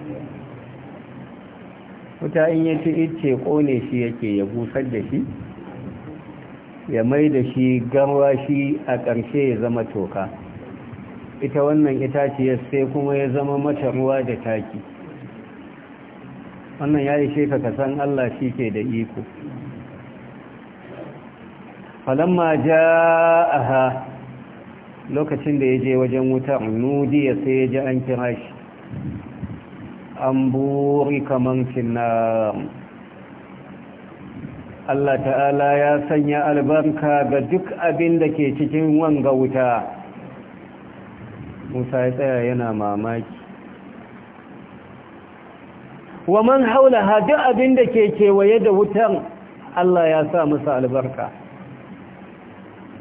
wuta in ya ci ice ƙone shi yake ya busar da shi ya mai da shi garwashi a ƙarshe ya zama toka ita wannan itaciyar sai kuma ya zama mata ruwa da taki wannan ya yi ka kasan Allah shi ke da iko falamma aha lokacin da ya je wajen wuta nudiya sai ya ji an kira shi an buri kamar finnar Allah ta'ala ya sanya albarka ga duk abin da ke cikin wanga wuta Musa ya tsaya yana mamaki wa man haulaha duk abin da ke kewaye da wutan Allah ya sa masa albarka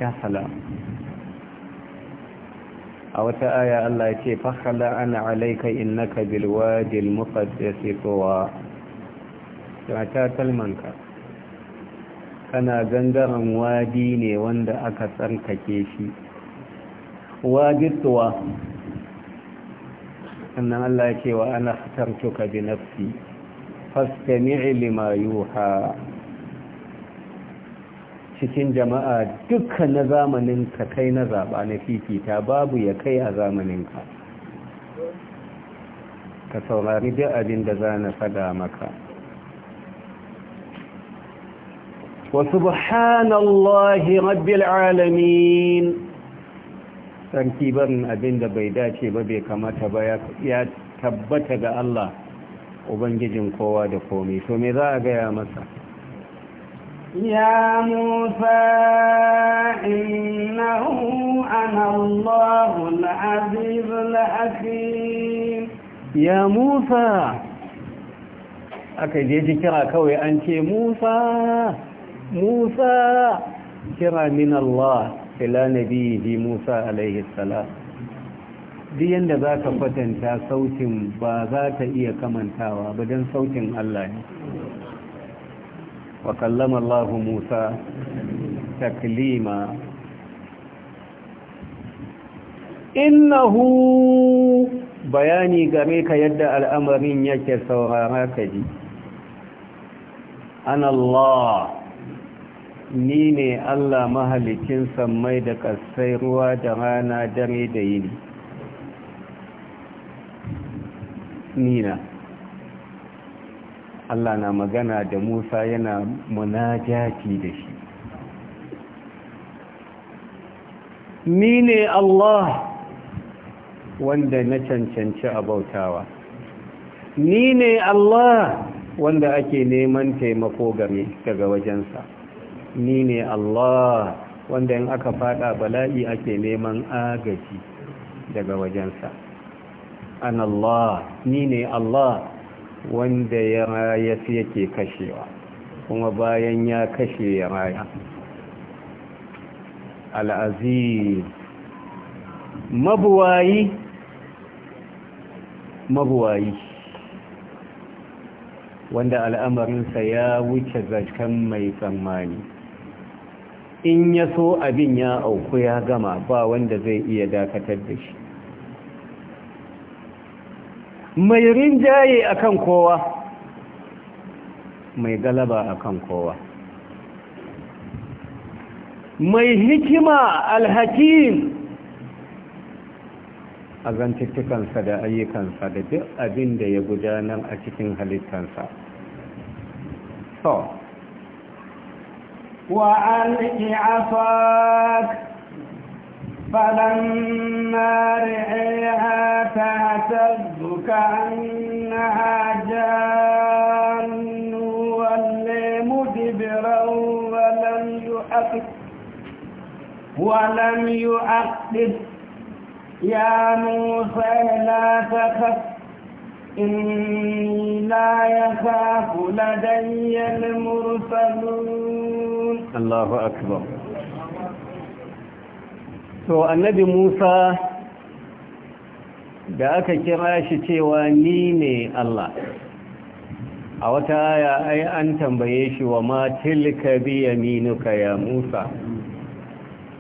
ya salam a wata aya Allah ya ce fakhala ana alayka innaka bilwadi almuqaddas tuwa ta kalmanka kana gangaren wadi ne wanda aka tsarkake shi wajittuwa annan Allah ce wa ana fitartuka bi nafsi fastami'i lima yuha cikin jama'a dukkan na ka kai na zaba na fifita babu ya kai a zamaninka ka saurari duk abin da za na faɗa maka وسبحان الله رب العالمين sanki barin abinda bai dace ba bai kamata ba ya tabbata ga Allah ubangijin kowa da komai to me za a ga masa ya musa innahu ana Allahu al-aziz ya musa aka je ji kira kawai an musa musa kira min Allah ila nabihi musa alaihi salam duk yanda za ka kwatanta sautin ba za ta iya kamantawa ba don sautin Allah ne wa kallama Allah musa taklima innahu bayani game ka yadda al'amarin yake saurara ka ji an Allah ni ne Allah mahalikin sammai da ƙasai ruwa da rana dare da yini nina Allah na magana da Musa yana munajati da shi ni ne Allah wanda na cancanci abautawa, ni ne Allah wanda ake neman taimako game daga wajensa ni ne Allah wanda in aka fada bala'i ake neman agaji daga wajensa an Allah ni ne Allah wanda ya raya yake kashewa kuma bayan ya kashe ya raya al'aziz mabuwayi mabuwayi wanda al'amarinsa ya wuce zaken mai tsammani in ya so abin ya auku ya gama ba wanda zai iya dakatar da shi mai rinjaye akan kowa mai galaba akan kowa mai hikima alhakim a zantuttukansa da ayyukansa da duk abin da ya gudanar a cikin halittansa. وألق عصاك فلما رعيها تهتز كأنها جان ولي مدبرا ولم يؤكد ولم يؤكد يا موسى لا تخف إني لا يخاف لدي المرسلون الله أكبر to annabi Musa da aka kira shi cewa ni ne Allah a wata aya ai an tambaye shi wa ma tilka bi yaminuka ya Musa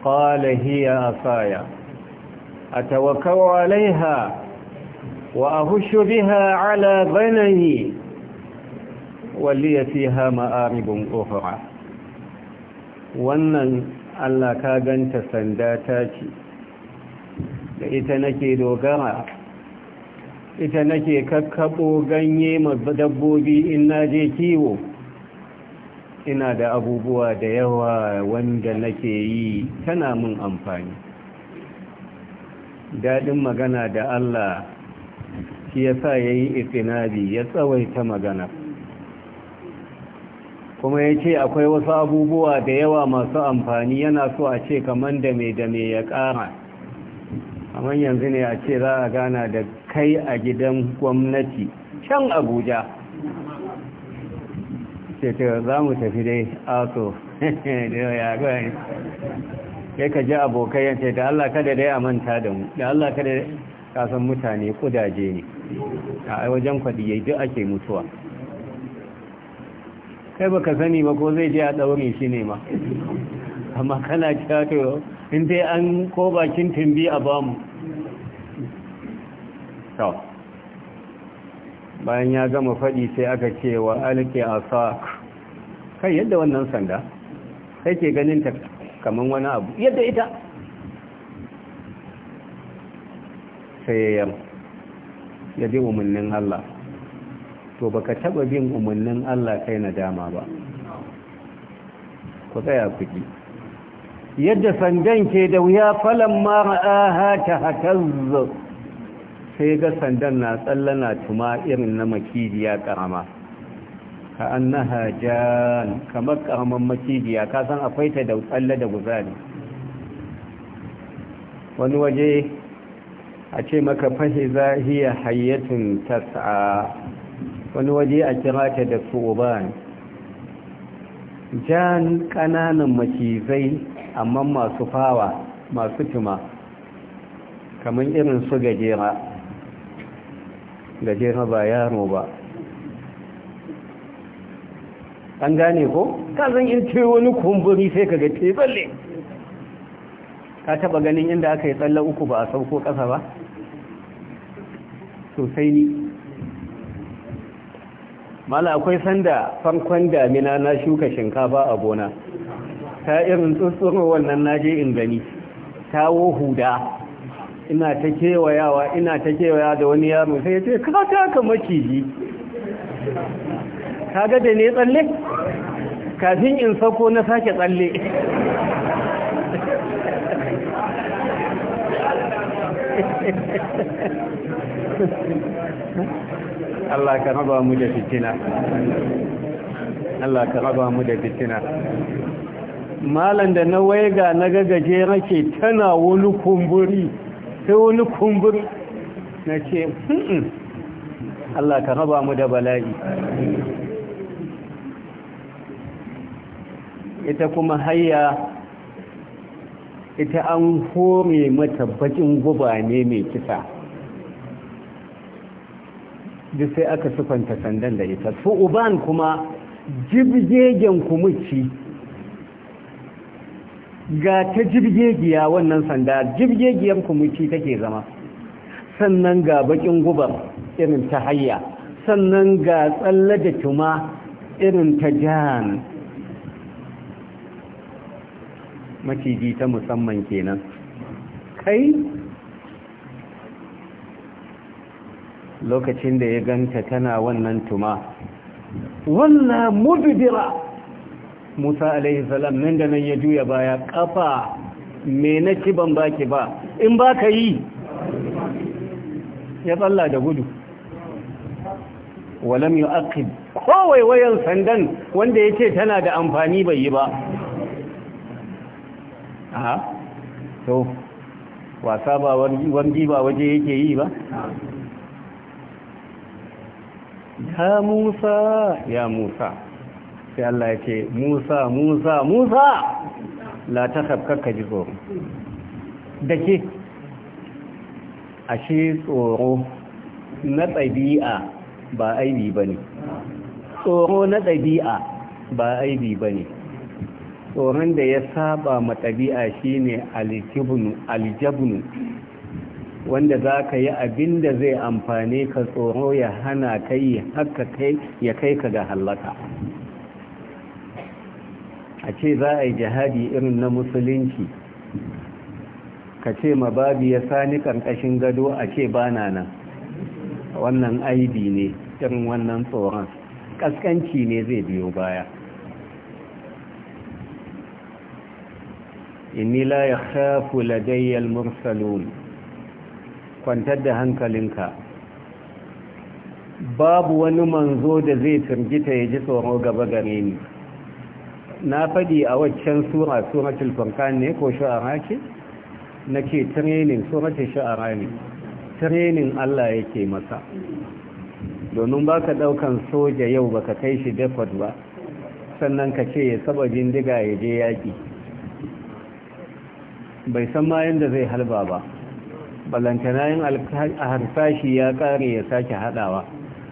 qala hiya asaya atawakkau alaiha وأهش بها على بني ولي فيها مآرب أخرى wannan Allah ka ganta sanda ta ce da ita nake dogara ita nake kakkaɓo ganye dabbobi in na je kiwo ina da abubuwa da yawa wanda nake yi tana mun amfani daɗin magana da Allah shi ya sa ya yi itinabi ya tsawaita magana kuma ya ce akwai wasu abubuwa da yawa masu amfani yana so a ce kamar da mai da mai ya kara amma yanzu ne a ce za a gana da kai a gidan gwamnati can abuja ce ta za mu tafi dai aso da *laughs* ya gani ya ka ji abokai yanta da allah kada dai a manta da mu da allah kada kasan mutane kudaje ne a wajen kwaɗi ya duk ake mutuwa kai baka sani ba ko zai je a ɗaure shi ne ma amma kana cewa in dai an ko bakin tumbi a bamu bayan ya gama faɗi sai aka ce wa alke asak kai yadda wannan sanda kai ke ganin ta kamar wani abu yadda ita sai ya bi umarnin Allah to baka taba bin umarnin Allah kai na dama ba ku tsaya kuɗi yadda sandan ke da wuya falon mara'aha ta hatazzo sai ga sandan na tsallana tuma irin na makidiya karama ka annaha jan kamar karaman makidiya ka san akwai ta da tsalle da guzari wani waje a ce maka za hiya hayyatin tas'a wani waje a kira ta da tsoban jan kananan macizai amma masu fawa masu tuma kamar irin su gajera gajera ba yaro ba an gane ko Ka zan in ce wani kumburi sai ka ga tsalle ka taba ganin inda aka yi tsalle uku ba a sauko kasa ba sosai ni mala akwai sanda farkon damina na shuka shinkafa a gona ta irin tsuntsun wannan naje in gani tawo huda ina ta kewayawa ina ta kewaya da wani yaro sai ya ce ka taka maciji ka ga da ne tsalle kafin in sako na sake tsalle Allah ka raba mu da fitina Allah ka raba mu da fitina malan da na waiga na gagaje rake tana wani kumburi sai wani kumburi na ce hmm, Allah ka raba mu da bala'i ita kuma hayya ita an hore mata bakin guba ne mai kisa duk sai aka sufanta sandan da ita su uban kuma jibgegen kumuci ga ta jibgegiya wannan sanda jibgegiyar kumuci take zama sannan ga bakin gubar irin ta hayya sannan ga tsalle da tuma irin ta jan maciji ta musamman kenan kai lokacin da ya ganta tana wannan tuma wannan mubidira Musa alaihi salam nan da nan ya juya baya kafa me nake ban baki ba in baka yi ya tsalla da gudu walam yu'aqib kowai wayan sandan wanda yace tana da amfani bai yi ba a to wasa ba wani ba waje yake yi ba ya musa ya musa sai Allah ya ce musa musa musa la ta ka ji tsoro da ke ashe tsoro na ɗabi'a ba aibi ba ne tsoro na ɗabi'a ba aibi ba ne tsoron da ya saba ma ɗabi'a shine ne aljabnu wanda za ka yi abin da zai amfani ka tsoro ya hana kai haka kai ya kai ka ga hallaka a ce za a yi jihadi irin na musulunci ka ce ma babu ya sani ƙarƙashin gado a ce ba na nan wannan aibi ne irin wannan tsoron ƙasƙanci ne zai biyo baya inni la ya khafu ladayyal mursalun kwantar da hankalinka babu wani manzo da zai firgita ya ji tsoro gaba gare ni na faɗi a waccan sura suratul furqan ne ko shu'ara ce nake training suratul shu'ara ne training Allah yake masa domin baka ɗaukan soja yau ba ka kai shi depot ba sannan ka ce ya saba jindiga ya je yaƙi. bai san ma yanda zai halba ba balantana in harsashi ya kare ya sake hadawa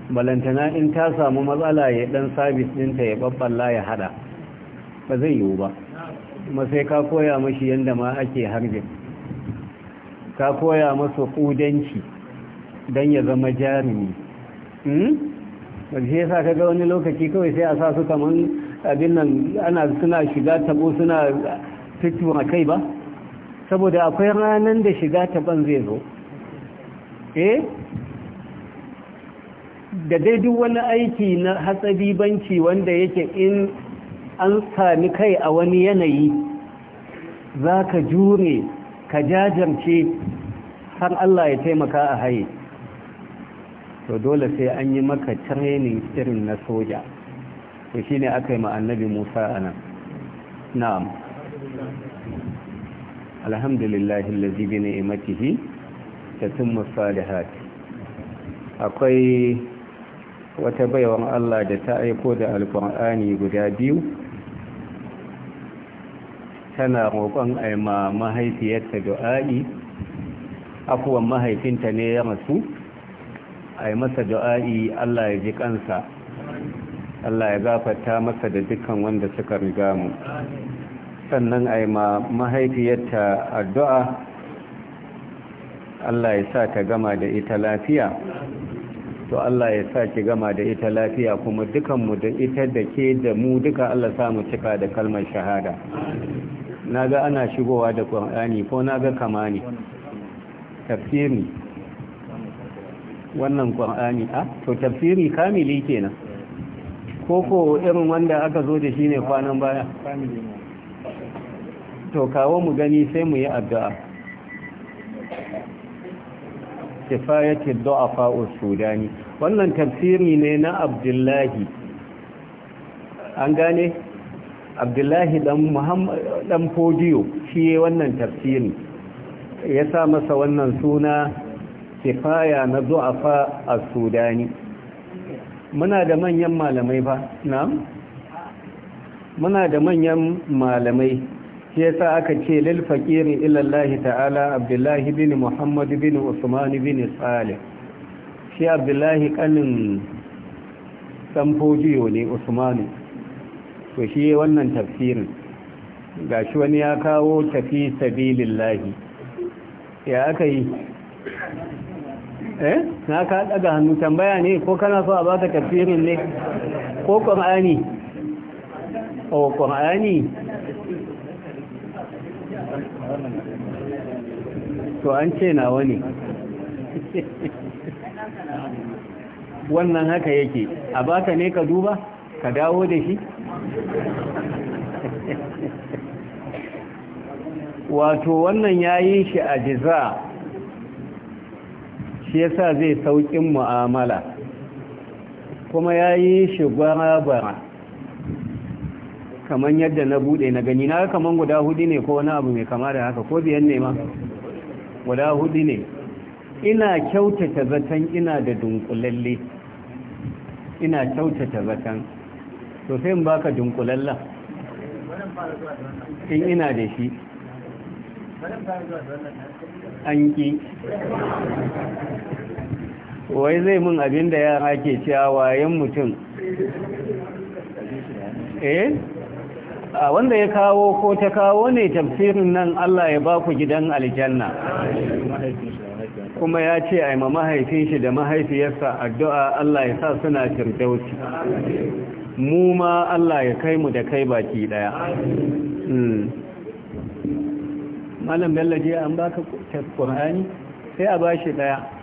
balantana in ta samu matsala ya dan sabis dinta ya babballa ya hada ba zai yiwu ba kuma sai ka koya mashi yadda ma ake harbin ka koya masa kudanci don ya zama jarumi ƙarshe hmm? sa ka ga wani lokaci kawai sai a sa su kamar abin nan ana suna shiga tabo suna fitowa kai ba saboda akwai ranar da shiga taban zai zo eh da dai duk wani aiki na hatsari banci wanda yake in an sami kai a wani yanayi za ka jure ka jajamce har Allah ya taimaka a haye to dole sai an yi maka training irin na soja to shine aka yi ma annabi Musa anan na'am الحمد لله الذي بنعمته تتم الصالحات akwai wata baiwan Allah da ta aiko da alkur'ani guda biyu tana roƙon aima mahaifiyarta du'a'i afuwan mahaifinta ne ya rasu, a masa du'a'i Allah ya ji kansa Allah ya gafarta masa da dukkan wanda suka riga mu sannan a yi ma mahaifiyarta addu'a Allah ya sa ta gama da ita lafiya to Allah ya sa ki gama da ita lafiya kuma dukanmu da ita da ke da mu duka Allah samu cika da kalmar shahada na ga ana shigowa da Qur'ani ko ga kama ne tafsiri wannan Qur'ani a ah, to tafsiri kamili kenan ko ko irin wanda aka zo da shi ne kwanan baya kamili to kawo mu gani sai mu yi addu'a kifayatid du'afa sudani wannan tafsiri ne na abdullahi an gane abdullahi dan muhammad dan fodiyo shi wannan tafsiri ya sa masa wannan suna kifaya na du'afa as-sudani muna da manyan malamai ba na muna da manyan malamai shi yasa aka ce lil faqiri ila Allah ta'ala Abdullahi bin Muhammad bin Usman bin Salih shi Abdullahi kanin sanfojiyo ne Usman to shi wannan tafsirin gashi wani ya kawo tafi sabilillahi ya aka yi eh na ka daga hannu tambaya ne ko kana so a baka tafsirin ne ko qur'ani o oh, qur'ani to an ce nawa ne wannan haka yake a baka ne ka duba ka dawo da shi wato wannan ya yi shi a jiza shi ya sa zai sauƙin mu'amala kuma ya yi shi gwara gwara kamar yadda na bude na gani na kamar guda hudu ne ko wani abu mai kama da haka ko biyan ne ma guda hudu ne ina kyautata zaton ina da dunkulalle ina kyautata zaton to sai in baka dunkulalla in ina da shi an ki wai zai mun abin da yara ke cewa wayan mutum eh A wanda ya kawo ko ta kawo ne tafsirin nan Allah ya ba ku gidan aljanna kuma ya ce a ma mahaifin shi da mahaifiyarsa addu'a Allah ya sa suna firdausi mu ma Allah ya kai mu da kai baki daya hmm. malam bello an an baka Qur'ani sai a ba shi daya